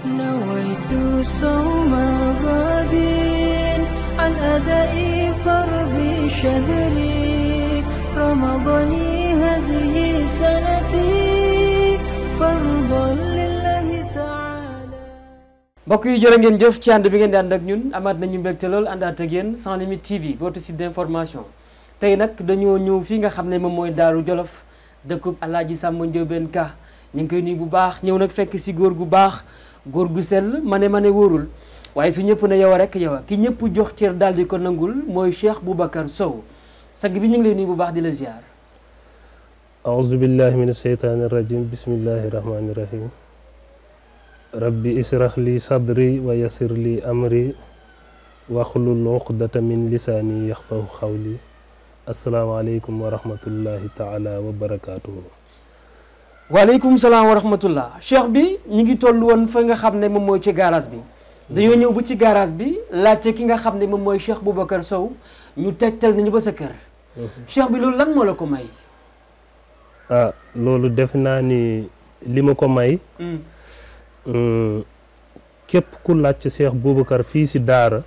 نويت صوم غد عن أداء فرض شهري رمضان هذه سنتي فرضا لله تعالى mbokk yi jërë ngeen jëf ci ànd bi ngeen di ànd ak ñun amaat nañu mbégte lool àndaat ak yéen Sans Limites TV votre site d'information tey nag dañoo ñëw fii nga xam ne moom mooy Daaru Jolof dëkkub Alaaji Sàmba Ndiobène Ka ñu ngi koy nuyu bu baax ñëw nag fekk si góor gu baax góor gu sell ma ne ma ne wóorul waaye su ñëpp ne yow rek yow ki ñëpp jox cër daal ko nangul mooy Cheikh Boubacar Sow sag bi ñu ngi lay nuyu bu baax di la ziar. auzu billahi min asheytaani rajim bismillahi rahmaani rahim rabbi israh li sadri wa yasir li amri waxlul uqdata min lisaani yaxfahu xawli asalaamaaleykum wa rahmatullahi taala wa barakaatuhu waaleykum salaam wa rahmatullah cheikh bi ñu ngi toll woon fa nga xam ne moom mooy ci garage bi dañoo ñëw ba ci garage bi laajte ki nga xam ne moom mooy cheikh Boubacar Sow ñu teg tegtal nañu ba sa kër mhm. cheikh bi loolu lan moo la ko may ah loolu defe naa ni li ma ko may hmm. Hmm, képp ku laajte cheikh Boubacar fii si daara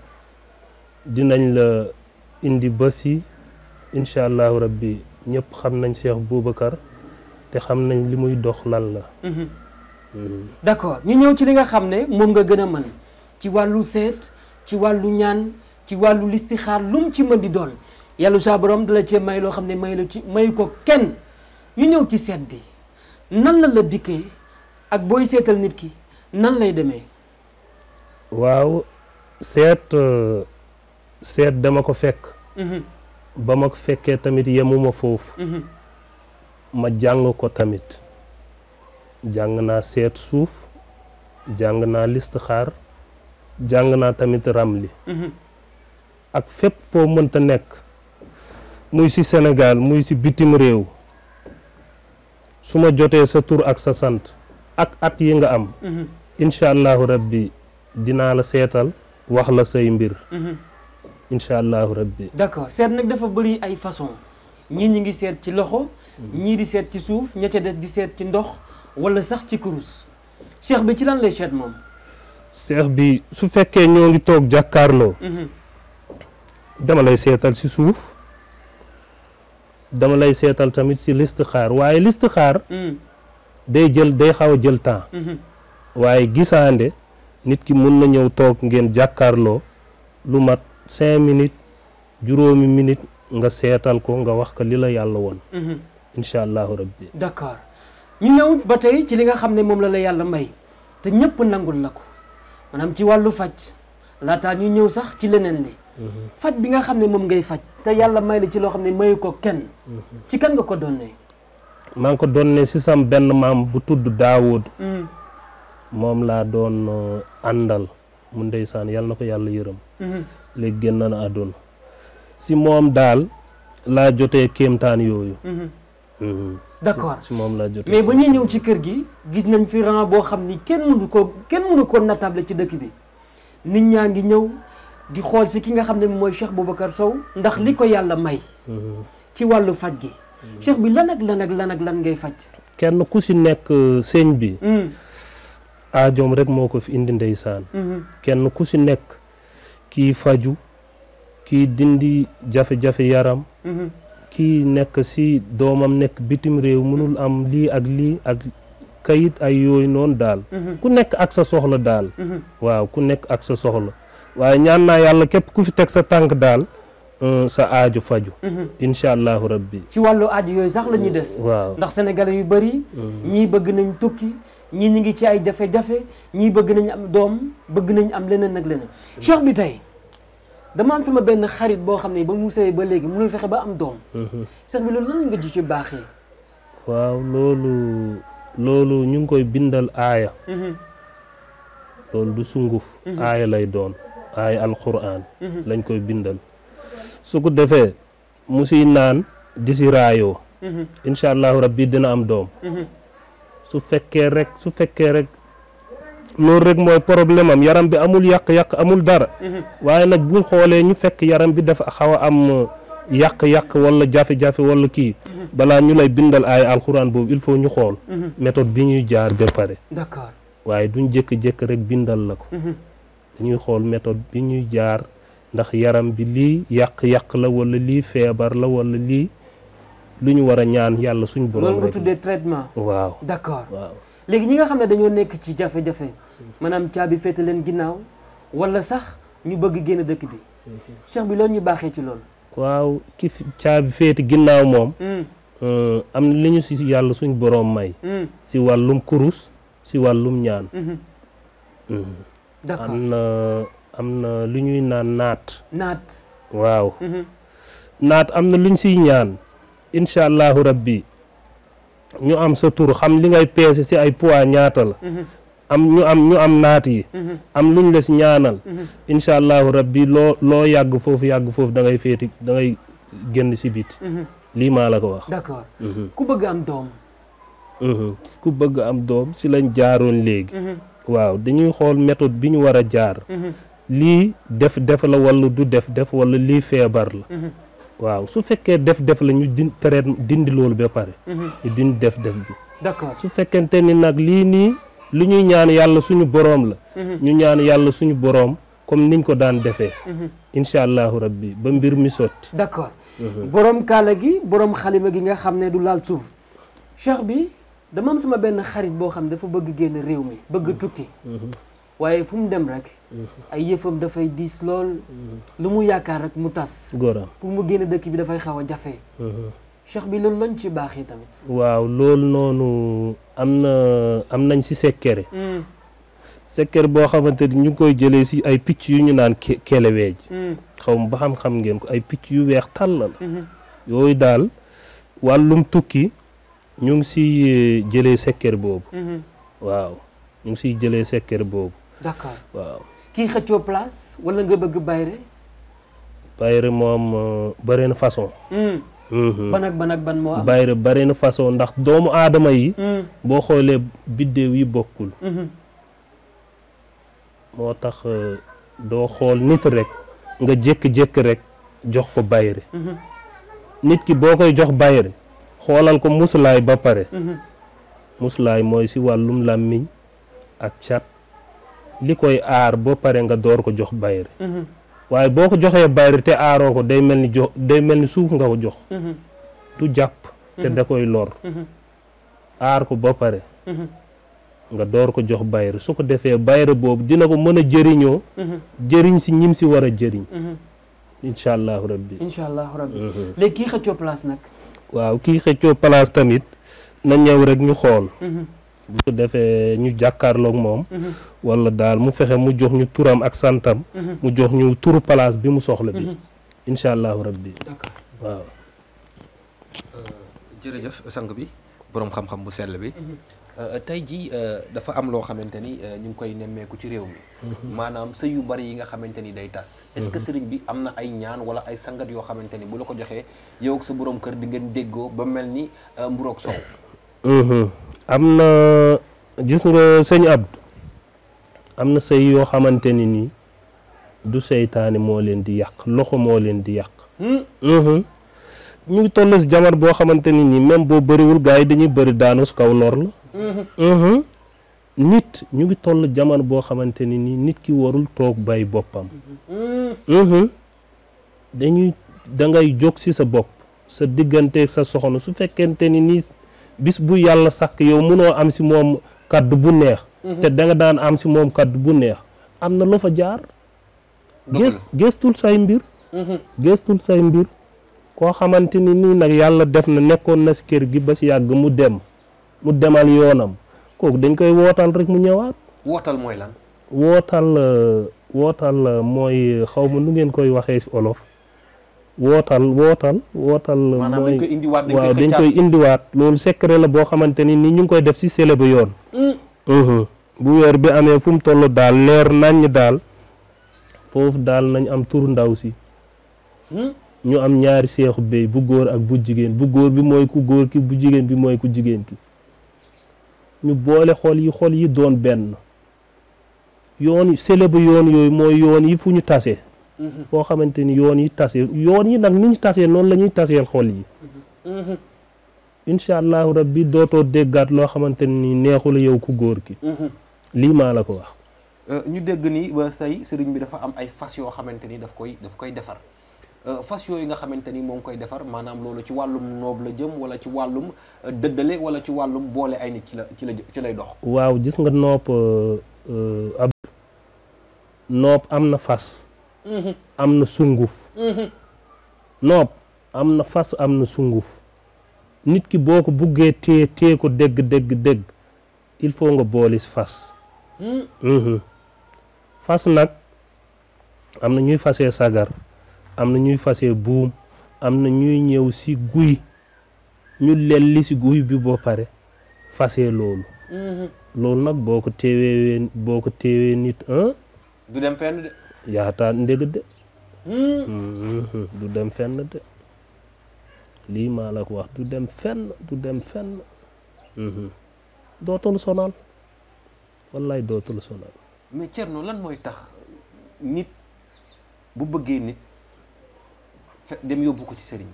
dinañ la indi ba si incha allahu rabbi ñëpp xam nañ cheikh Boubacar te xam nañ li muy dox nan la. Mhm. Mm. d'accord ñu ñëw ci li nga xam ne moom nga gën a mën ci wàllu seet ci wàllu ñaan ci wàllu listixaar lu ci mën di doon yàllu saa borom dala cee may loo xam ne may la ci may ko kenn ñu ñëw ci seet bi nan la la dikkee ak booy seetal nit ki nan lay demee. waaw seet euh, seet dama ko fekk. Mhm. ba ma fekkee tamit yemuma foofu. Mhm. ma jàng ko tamit jàng naa seet suuf jàng naa listixaar jàng naa tamit ramli mhm. ak fépp foo mënta nekk muy si senegal muy si bitim réew su ma jotee sa tur ak sa sant ak at yi nga am mhm. incha allahu rabbi dinaa la seetal wax la say mbir mhm. incha allahu rabbi d'accord seet nag dafa bëri ay façon ñii ñi ngi seet ci loxo ñii di seet ci suuf ña ca des di seet ci ndox wala sax ci kurus cheikh bi ci lan lay seet moom. cheikh bi su fekkee ñoo ngi toog jàkkaarloo. Mhm. dama lay seetal ci suuf dama lay seetal tamit ci listixaar waaye xaar mhm. day jël day xaw a jël temps. Mhm. waaye gisaande nit ki mën na ñëw toog ngeen jàkkaarloo lu mat cinq minutes juróomi minutes nga seetal ko nga wax ko li la yàlla woon. incha allahu rabbi d'accord ñu ñëw ba tey ci li nga xam ne moom la la yàlla may te ñëpp nangul la ko maanaam ci wàllu faj laataa ñu ñëw sax ci leneen li mhm. faj bi nga xam ne moom ngay faj te yàlla may la ci loo xam ne mayu ko kenn mhm. ci kan nga ko donnee maa ngi ko donnee si sam benn maam bu tudd Daawud mm. moom laa doon uh, àndal mu saan yàlla na ko yàlla yërëm mhm. léegi génn na àdduna si moom daal laa jotee kéemtaan yooyu Mhm. d' accord moom la jot mais ba ñuy ñëw ci kër gi gis nañ fi rang boo xam ni kenn mënu ko kenn mënu ko natable ci dëkk bi nit ñaa ngi ñëw di xool si ki nga xam ne mooy Cheikh Boubacar Sow ndax li ko yàlla may mhm. ci wàllu faj gi mhm. cheikh bi lan ak lan ak lan ngay faj kenn ku si nekk euh, sëñ bi hmm. aajoom rek moo ko fi indi ndeysaan kenn ku si nekk kii faju kii dindi jafe-jafe yaram kii nekk si doomam nekk bitim réew mënul am lii ak lii ak kayit ay yooyu noonu daal mhm. ku nekk ak sa soxla daal mhm. waaw ku nekk ak sa soxla waaye ñaan naa yàlla képp ku fi teg sa tànk daal euh, sa aajo faju mhm. incha allahu rabbi ci wàllu aaju yooyu sax lañuy des mm, waaw ndax sénégalais yu bari mm. ñii bëgg nañ tukki ñii ñu ngi ci ay jafe-jafe ñii bëgg nañ am doom bëgg nañ am leneen ak leneen mm. cheikh bi tey dama am sama benn xarit boo xam ne ba mu sëy ba léegi mënul fexe ba am doom. Mhm. sëñ bi loolu lan nga ji ci baaxee. waaw loolu ñu ngi koy bindal aaya. Mhm. loolu du sunguf. Mhm. aaya lay doon aaya alquran. lañ koy bindal su ko defee mu siy naan di si raayoo. incha allahu rabbi dina am doom. su fekkee rek su fekkee rek. loolu rek mooy problème am yaram bi amul yàq-yàq amul dara mhm. waaye nag bu xoolee ñu fekk yaram bi dafa xaw am euh, yàq-yàq wala jafe-jafe wala kii mhm. balaa ñu lay bindal ay alxuraan boobu il faut ñu xool mhm. méthode bi ñuy jaar ba pare waaye duñ jékki-jékki rek bindal la ko dañuy xool méthode bi ñuy jaar ndax yaram bi lii yàq-yàq la wala lii feebar la wala lii lu ñu war a ñaan yàlla suñ borom rek waaw léegi ñi nga xam ne dañoo nekk ci jafe-jafe maanaam caabi féete leen ginnaaw wala sax ñu bëgg génn dëkk bi cheikh bi loolu ñu baaxee ci lool waaw ki caabi féete ginnaaw moom hmm. euh, am na li ñu si yàlla suñ boroom may hmm. si wàllum kurus si wàllum ñaan hmm. d'accord am am na lu ñuy naan naat naat waaw naat am na luñ siy ñaan incha allahu rabbi ñu am sa tur xam li ngay peese si ay poids ñaata la am ñu am ñu am naat yi am luñ la si ñaanal incha allahu rabbi loo loo yàgg foofu yàgg foofu dangay ngay féeti da génn si biit lii maa la ko wax ku bëgg am doom si lañ jaaroon léegi waaw dañuy xool méthode bi ñu war a jaar lii def def la wala du def def wala lii feebar la waaw su fekkee def-def la ñu din traite dindi loolu ba pare. Mhm. dindi def-def bi. d'accord su fekkente ni nag lii nii li ñuy ñaan yàlla suñu boroom la. Mhm. ñu ñaan yàlla suñu boroom comme niñ ko daan defee. Mhm. incha allahu rabbi ba mbir mi sotti. d'accord boroom kaala gi boroom xalima gi nga xam ne du laal suuf cheikh bi dama sama benn xarit boo xam ne dafa bëgg génn réew mi bëgg tukki. waaye fu mu dem rek mhm. ay yëfam dafay diis lool mhm. lu mu yaakaar rek mu tas góoram pour mu génn dëkk bi dafay xaw a jafe mhm. cheikh bi loolu lañ ci baaxe tamit waaw loolu noonu am na am nañ si sekkere mm. sekkere boo xamante ni ñu ngi koy jëlee si ay picc yu ñu naan keleweej mm. xaw ma ba xam-xam ngeen ko ay picc yu weex tàll la mm-hmm. yooyu daal wàllum tukki ñu ngi si eh, jëlee sekkere boobu mm-hmm. waaw ñu ngi siy jëlee sekkere boobu d'accord waaw kii xëccoo place wala nga bëgg bayre bayre moom euh, bëri na façon hmm. mhm. ban ak ban ak bayre bëri na façon ndax doomu aadama yi hmm. boo xoolee biddéew yi bokkul mhm. moo tax euh, doo xool nit rek nga jékki-jékki rek jox ko bayre mhm. nit ki boo koy jox bayre xoolal ko musulaay ba pare musulaay mooy si wàllum làmmiñ ak cat li koy aar ba pare nga door ko jox bayri mhm. waaye boo ko joxee bayri te aaroo ko day mel ni jox day mel ni suuf nga ko jox mhm. du jàpp te mhm. da koy lor aar ko ba pare nga door ko jox bayri su ko defee bayri boobu dina ko mën a jëriñoo jëriñ si ñim si war a jëriñ incha allahu rabbi léegi kii xëccoo place nag waaw kii xëccoo place tamit na ñëw rek ñu xool bu ko defee ñu jàkkaarloog moom mm-hmm. wala daal mu fexe mu jox ñu turam ak santam mm-hmm. mu jox ñu tur place bi mu soxla bi mm-hmm. incha allahu rabbi waaw euh, jërëjëf sang bi boroom xam-xam bu sell bi euh, tey jii euh, dafa am loo xamante ni ñu ngi koy nemmeeku ci réew mi maanaam sëy yu bari yi nga xamante ni day tas est-ce que sëriñ bi am na ay ñaan wala ay sangat yoo xamante ni bu la ko joxee yow sa boroom kër di nga déggoo ba mel ni mburoog soow am na gis nga sëñ Abdou am na sëy yoo xamante ni nii du seytaane moo leen di yàq loxo moo leen di yàq hmm? mm-hmm. ñu ngi toll si jamono boo xamante ni nii même boo bëriwul gars yi dañuy bëri daanu su kaw lor la mm-hmm. Mm-hmm. nit ñu ngi toll jamono boo xamante ni nii nit ki warul toog bay boppam dañuy dangay jóg ci sa bopp sa digganteeg sa soxna su fekkente ni nii bis bu yàlla sàkk yow mënoo am si moom kaddu bu neex mhm. te da nga daan am si moom kaddu bu neex am na loo fa jaar gés gëstul say mbir mhm. gëstul say mbir koo xamante ni nii nag yàlla def na nekkoon na si kër gi ba si yàgg mu dem mu demal yoonam kooku dañ koy wootal rek mu ñëwaat wootal mooy lan wootal euh, wootal euh, mooy xaw ma nu ngeen koy waxee si olof wootal wootal wootal. maanaam dañ koy indiwaat dañ waaw dañ koy indiwaat. loolu secret la boo xamante ni ni ñu ngi koy def si sele ba yoon. Mm. bu weer bi amee fu mu toll daal leer naññ daal foofu daal nañ am tur ndaw si. Mm. ñu am ñaari seexu béy bu góor ak bu jigéen bu góor bi mooy ku góor ki bu jigéen bi mooy ku jigéen ki. ñu boole xol yi xol yi doon benn yoon sele yoon yooyu mooy yoon yi fu ñu tasee Mm-hmm. foo xamante ni yoon yi tase yoon yi nag ni ñu tasee noonu lañuy ñuy taseel xol yi mm-hmm. mm-hmm. incha allahu rabbi dootoo déggaat loo xamante ni neexul yow ku góor ki lii maa la ko wax euh, ñu dégg ni ba say sëriñ bi dafa am ay fas yoo xamante ni daf koy daf koy defar euh, fas yooyu nga xamante ni moo ngi koy defar maanaam loolu ci wàllum noob la jëm wala ci wàllum euh, dëddale wala ci wàllum boole ay nit ci la ci la ci lay dox waaw gis nga nopp ab nopp am na fas am na sunguf noob am na fas am na sunguf nit ki boo ko buggee téye téye ko dégg dégg dégg il faut nga boolis fas mhm. fas nag am na ñuy fasee sagar am na ñuy fasee buum am na ñuy ñëw si guy ñu lelli si guy bi boo pare fasee loolu mhm. loolu nag boo ko téewee boo ko téewee nit yaataa ndég de hmm. du dem fenn de lii maa la ko wax du dem fenn du dem fenn hmm. dootul sonal wallaay dootul sonal mais Thierno lan mooy tax nit bu bëggee nit dem yóbbu ko ci sëriñ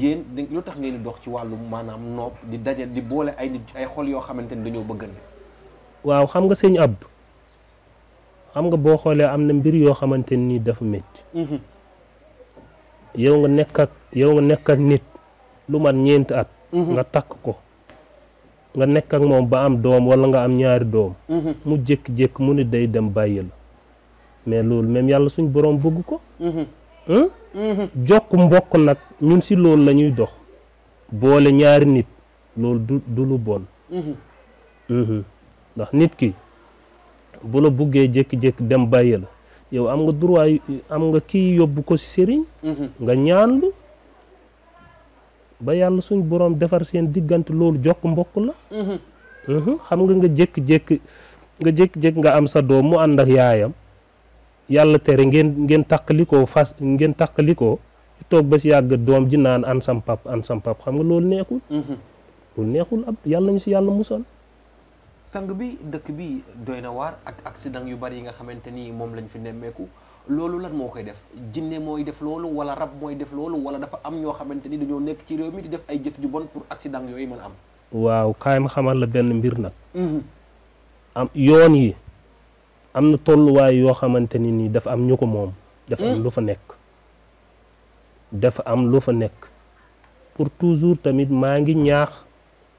yéen lu tax ngeen di dox ci wàllu maanaam noob di daje di boole ay nit ay xol yoo xamante ni dañoo bëggante waaw xam nga sëñ ab xam nga boo xoolee am na mbir yoo xamante ni dafa métti. Mhm. yow nga nekk ak yow nga nekk ak nit lu man ñeenti at. Mhm. nga takk ko nga nekk ak moom ba am doom wala nga am ñaari doom. Mhm. mu jékki-jékki mu ne day dem bàyyi mais loolu même yàlla suñ borom bëgg ko. jokk mbokk nag ñun si loolu la ñuy dox. boole ñaari nit loolu du lu bon. ndax nit ki. bu buggee jékki-jékki dem bàyyi la yow am nga droit am nga kii yóbbu ko si sëriñ mm-hmm. nga ñaanlu ba yàlla suñ borom defar seen diggante loolu jokk mbokk la mm-hmm. Mm-hmm. xam nga nga jékki-jékki nga jékki-jékki nga am sa doom mu ànd ak yaayam yàlla tere ngeen ngeen tàqalikoo fas ngeen tàqalikoo toog ba si yàgg doom ji naan an sampap pap an sam xam nga loolu neexul loolu neexul ab yàlla ñu si yàlla musal sang bi dëkk bi doy na waar ak accident yu bari yi nga xamante ni moom lañ fi nemmeeku loolu lan moo koy def jinne mooy def loolu wala rab mooy def loolu wala dafa am ñoo xamante ni dañoo nekk ci réew mi di def ay jëf ju bon pour yooyu mën a am. waaw kaay xamal la benn mbir nag. Mhm. yoon yi am na tolluwaay yoo xamante ni nii dafa am ñu ko moom. dafa am mhm. lu fa nekk. dafa am lu fa nekk. pour toujours tamit maa ngi ñaax.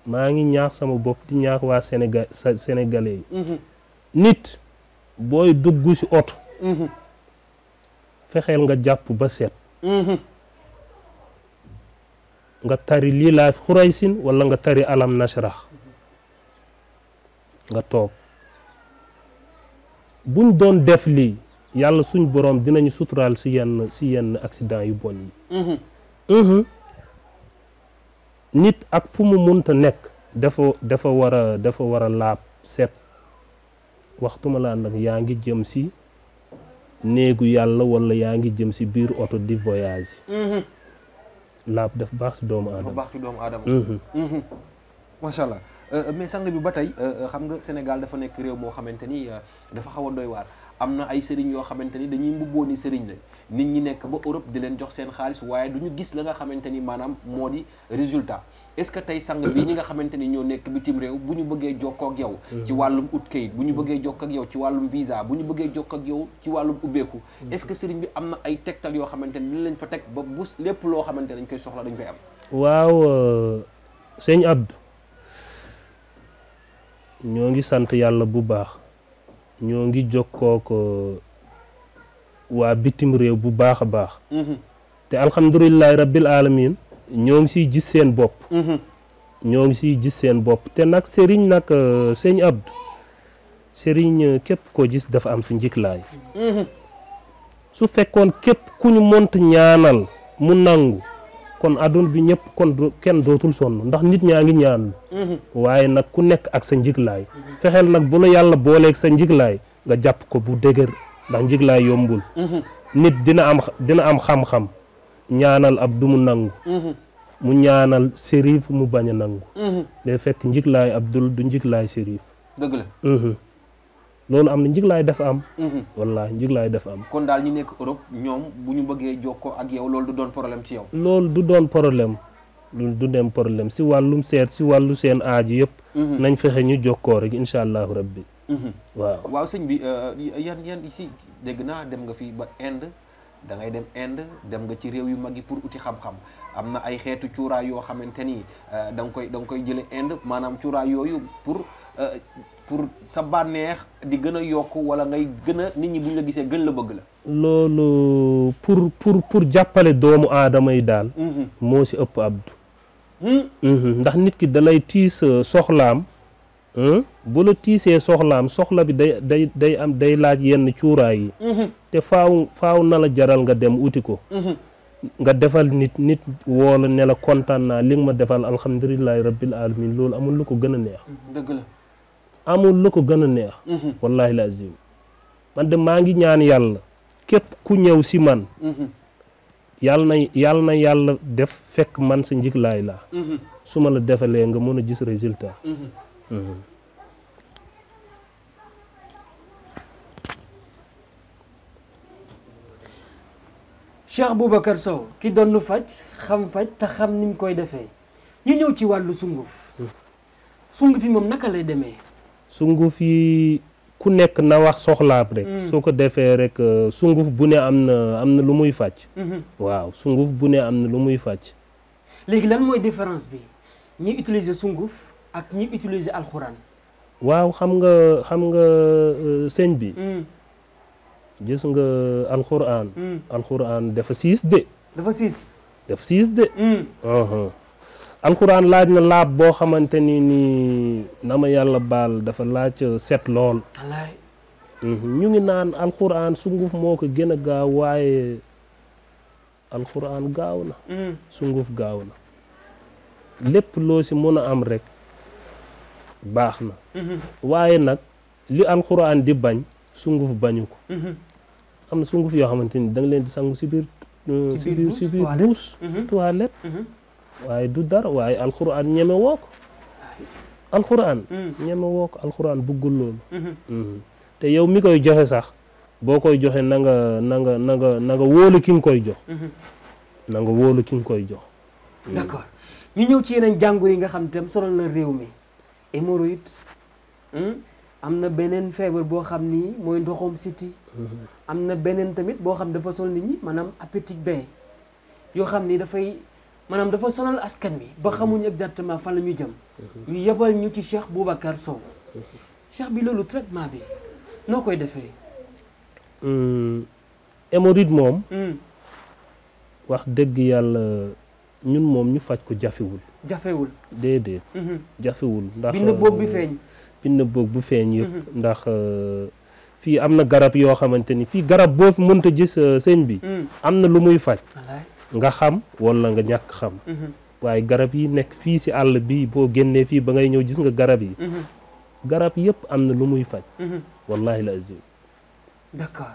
maa ngi ñaax sama bopp di ñaax waa Sénégal sénégalais yi mhm. nit booy dugg ci oto mhm. fexeel nga jàpp ba set mhm. nga tari lii laa xuraysin walla nga tari alam nashrah nga toog buñ doon def lii yàlla suñ boroom dinañu suturaal ci yenn ci yu bon yi nit ak fu mu munta nekk dafa dafa war a dafa war a laab set waxtuma laa nag yaa ngi jëm si néegu yàlla wala yaa ngi jëm si biir oto di voyage mhm. laab daf baax si doomu aadama baax si doomu aadama mhm. mhm. macha allah euh, euh, mais sang bi ba tey euh, xam nga Sénégal dafa nekk réew moo xamante ni dafa xaw a doy waar am na ay sëriñ yoo xamante ni dañuy mbubboo ni sëriñ lañ nit ñi nekk ba Europe di leen jox seen xaalis waaye du ñu gis la nga xamante ni maanaam moo di résultat est-ce que tey sang bi ñi nga xamante ni ñoo nekk bitim réew bu ñu bëggee jokkook ak ci mm. wàllum ut kayit bu ñu mm. bëggee jokk ak yow ci wàllum visa bu ñu bëggee jokk ak yow ci wàllum ubbeeku mm. est-ce que sëriñ bi am na ay tegtal yoo xamante ni lañ fa teg ba bu lépp loo xamante dañ koy soxla dañ koy am waaw euh, sëñ Abdou ñoo ngi sant yàlla bu baax ñoo ngi jokkook waa bitim réew bu baax a baax mhm. te alhamdulilahi rabbil alamin ñoo ngi siy gis seen bopp mhm. ñoo ngi siy gis seen bopp te nag sëriñ nag euh, sëñ Abdou sëriñ euh, képp koo gis dafa am si njëklaay mhm. su fekkoon képp ku ñu mont ñaanal mu nangu kon adduna bi ñëpp kon kenn dootul sonn ndax nit ñaa ngi ñaan waaye nag ku nekk ak sa njiglaay fexeel nag bu yàlla booleeg sa njiglaay nga jàpp ko bu dëgër ndax njëglaa yombul mhm. nit dina am dina am xam-xam ñaanal ab du mu nangu mhm. mu ñaanal sérif mu bañ a nangu mhm. day fekk njiglaay abdul du njiglaay sérif dëgg la loolu am na njiglaay dafa am wallaahi njiglaay dafa am kon daal ñu nekk Europe ñoom bu ñu bëggee jokkoo ak yow loolu du doon problème ci yow loolu du doon problème loolu du dem problème si wàllum seet si wàllu seen aaju yëpp nañ fexe ñu jokkoo rek incha allahu rabbi Mm-hmm. waaw waaw sëñ bi euh, yan yan si dégg naa dem nga fii ba Inde dangay dem Inde dem nga ci réew yu mag yi pour uti xam-xam am na ay xeetu cuuraay yoo xamante ni euh, danga koy da nga koy jële Inde maanaam cuuraay yooyu pour euh, pour sa bànneex di gën a yokk wala ngay gën a nit ñi buñ la gisee gën la bëgg la loolu pour pour pour jàppale doomu aadama yi daal mm-hmm. moo si ëpp abdu hmm? mm-hmm. ndax nit ki dalay tiis soxlaam bu la tiisee soxlaam soxla bi day day day am day laaj yenn cuuraay yi mhm. te faaw faaw na la jaral nga dem wuti ko mhm. nga defal nit nit woo woola ne la kontaan naa li nga ma defal alhamdulilahi rabbil alamin loolu amul lu ko gën a neex amul la ko gën a neex mhm. wallahi lazim man de maa ngi ñaan yàlla képp ku ñëw si man yàlla na yàlla na yàlla def fekk man sa njiglaay laa su ma la defalee nga mën a gis résultat Cheikh Boubacar Sow ki doon faj xam faj te xam ni mu koy defee ñu ñëw ci wàllu sunguf hmm. sunguf yi moom naka lay demee sunguf yi ku nekk na wax soxlaam rek hmm. soo ko defee rek euh, sunguf bu ne am na am na lu muy faj hmm. waaw sunguf bu ne am na lu muy faj léegi lan mooy différence bi ñu utiliser sunguf ak ñi utiliser alxuraan. waaw xam nga xam nga euh, sëñ bi. Hmm. gis nga alxuraan. Hmm. alxuraan dafa siis de. dafa siis. dafa siis de. Hmm. alxuraan laaj na laab boo xamante ni nii na ma yàlla baal dafa laaj euh, set lool. Mhm. ñu ngi naan alxuraan sunguf moo ko gën a gaaw waaye alxuraan gaaw na. sunguf gaaw na lépp loo si mën a am rek. baax na mhm. waaye nag li alxuraan di bañ sunguf bañu ko mhm. am na sunguf yoo xamante ni da leen di sangu si biir euh, si biir si biir douche mhm. waaye du dara waaye alxuraan ñeme woo alxuraan mm. ñeme woo ko alxuraan buggul loolu te yow mi koy joxe sax boo koy joxe na nga na nga wóolu ki nga koy jox na wóolu ki nga koy jox d'accord yi nga xam itam mi hémorroïde hmm? am na beneen feebar boo xam ni mooy ndoxum siti mm-hmm. am na beneen tamit boo xam dafa sol nit ñi maanaam appétit bain yoo xam ni dafay maanaam dafa sonal askan bi ba mm-hmm. xamuñu exactement fan la ñu jëm mm-hmm. ñu yebal ñu ci Cheikh Boubacar Sow Cheikh bi loolu traitement bi noo koy defee hmm, hémorroïde moom hmm. wax dëgg yàlla ñun moom ñu faj ko jafewul jafewul déedéet mhm. jafewul ndax bind boog bi euh, feeñ bind boog bu feeñ yëpp mhm. ndax euh, fii am na garab yoo xamante ni fii garab boo mënta gis euh, sëñ bi mhm. am na lu muy faj nga xam walla nga ñàkk xam waaye garab yi nekk fii ci àll bi boo génnee fii ba ngay ñëw gis nga garab yi garab yëpp am na lu muy faj wallahi la azim d'accord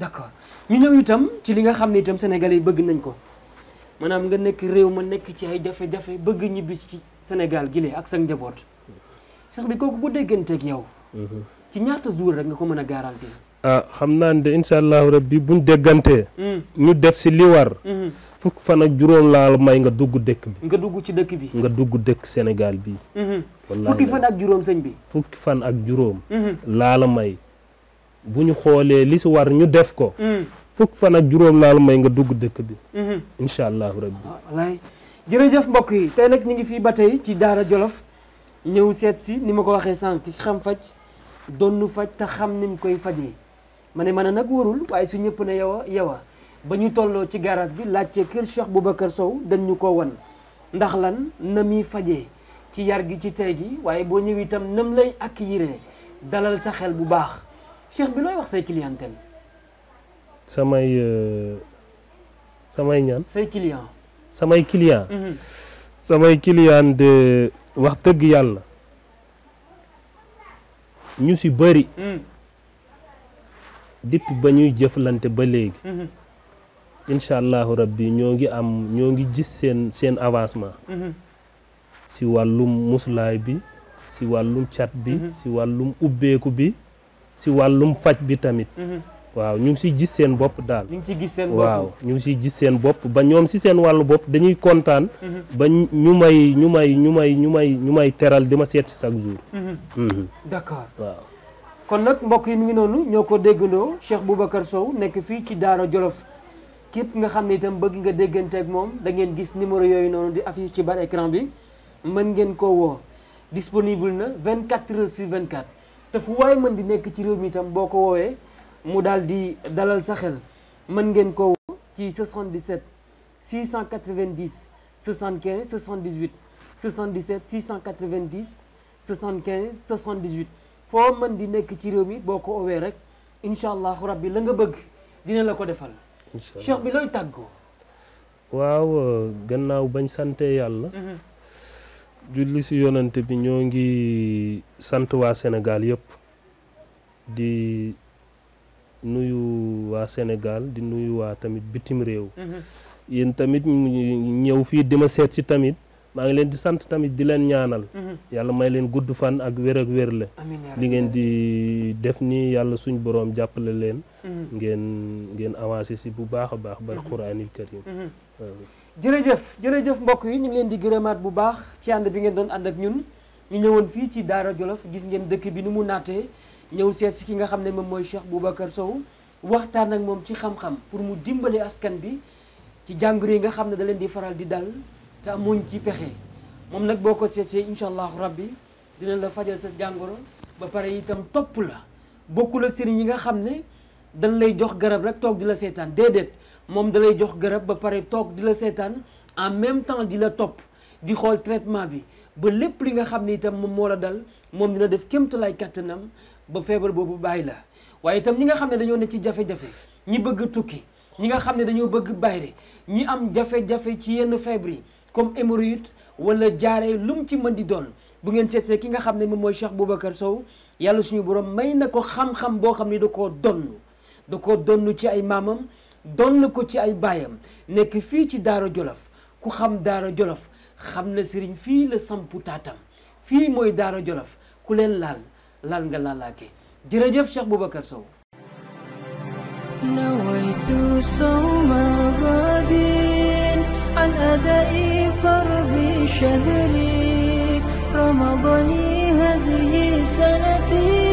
d'accord ñu ñëw itam ci li nga xam ne itam sénégalais bëgg nañ ko maanaam nga nekk réew ma nekk ci ay jafe-jafe bëgg ñibbis ci Sénégal gi lee ak sa njaboot sax bi kooku bu dégganteeg yow. Mhm. ci ñaata jour rek nga ko mën a garanti. Ah, xam naa ne incha allahu rabbi buñ mm. ñu def si li war. Mhm. fan juróom laal may nga dugg dëkk bi. nga dugg ci dëkk bi. nga dugg dëkk senegal bi. Mhm. fukki fan ak juróom sëñ bi. fukki fan ak juróom. laala may bu ñu xoolee li si war ñu def ko. Mm. fukk fa ak juróom laal may nga dugg dëkk bi. Mhm. incha allahu rabbi. Ah, wallaay jërëjëf mbokk yi tey nag ñu ngi fii ba tey ci Daara Jolof ñëw seet si ni ma ko waxee sànq xam faj donnu faj te xam ni mu koy fajee ma ne ma ne nag warul waaye su ñëpp ne yow a yow a ba ñu tolloo ci garage bi laajte kër Cheikh Boubacar Sow dañ ñu ko wan ndax lan na muy fajee ci yar gi ci tey gi waaye boo ñëwee itam nam lay ak accueillir dalal sa xel bu baax Cheikh bi looy wax say clientèle. samay euh, samay ñaan say client samay client mm-hmm. samay client de wax dëgg yàlla ñu ci bëri mm. depuis ba ñuy jëflante ba léegi mm-hmm. incha allahu rabbi ñoo ngi am ñoo ngi gis seen seen avancement mm-hmm. si wàllum muslaay bi si wàllum chat bi si wàllum ubbeeku bi si wàllum faj bi tamit waaw ñu ngi si gis seen bopp daal. ñu ngi siy gis seen bopp waaw ñu ngi siy gis seen bopp ba ñoom si seen wàllu bopp dañuy kontaan. Mhm. ba ñu may ñu may ñu may ñu may ñu may teral di ma seet si chaque jour. Mhm. Mhm. d'accord waaw. kon nag mbokk yi mi ngi noonu ñoo ko déggandoo Cheikh Boubacar Sow nekk fii ci Daara Jolof képp nga xam ne itam bëgg nga déggante ak moom da ngeen gis numéro yooyu noonu di affiché ci bar écran bi mën ngeen ko woo disponible na 24 heures sur 24 te fu waaye mën di nekk ci réew mi itam boo ko woowee. mu daal di dalal sa xel mën ngeen ko woo ci 77 690 75 78 77 690 75 78 foo mën di nekk ci réew mi boo ko owee rek incha allahu rabbi la nga bëgg dina la ko defal. incha bi looy tàggoo. waaw gannaaw bañ sante yàlla. Mhm. julli si yonante bi ñoo ngi sant waa Sénégal yëpp di. nuyu waa Sénégal di nuyu waa tamit bitim réew. Mhm. yéen tamit ñëw fii di ma seet si tamit maa ngi leen di sant tamit di leen ñaanal. Mhm. yàlla may leen gudd fan ak wér ak wér la. li ngeen di def nii yàlla suñ boroom jàppale leen. Mhm. ngeen ngeen avancé si bu baax a baax. bal quraanil karim jërëjëf jërëjëf mbokk yi ñu leen di gërëmaat bu baax ci ànd bi ngeen doon ànd ak ñun ñu ñëwoon fii ci Daara Jolof gis ngeen dëkk bi ni mu naatee. ñëw sees si ki nga xam ne moom mooy Cheikh Boubacar Sow waxtaan ak moom ci xam-xam pour mu dimbale askan bi ci jàngoro yi nga xam ne da leen di faral di dal te amuñ pexe moom nag boo ko seetsee incha allahu rabbi dina la fajal sa jàngoro ba pare itam topp la bokkul ak sëriñ yi nga xam ne dañ lay jox garab rek toog di la seetaan déedéet moom da lay jox garab ba pare toog di la seetaan en même temps di la topp di xool traitement bi ba lépp li nga xam ne itam moom moo la dal moom dina def kémtalaay kàttanam ba feebar boobu bàyyi la waaye itam ñi nga xam ne dañoo ne ci jafe-jafe ñi bëgg tukki ñi nga xam ne dañoo bëgg bayre ñi am jafe-jafe ci yenn feebar yi comme hémorroïde wala jaare lu ci mën di doon bu ngeen seetsee ki nga xam ne moom mooy Cheikh Boubacar Sow yàlla suñu borom may na ko xam-xam boo xam ne da koo donn da ko donn ci ay maamam donn ko ci ay baayam nekk fii ci daaro Jolof ku xam daaro Jolof xam na sëriñ fii la sampu taatam fii mooy daaro Jolof ku leen laal lal nga lalaake jërëjëf Cheikh Boubacar Sow نويت صوم غد عن أداء فرض شهري رمضان هذه سنتي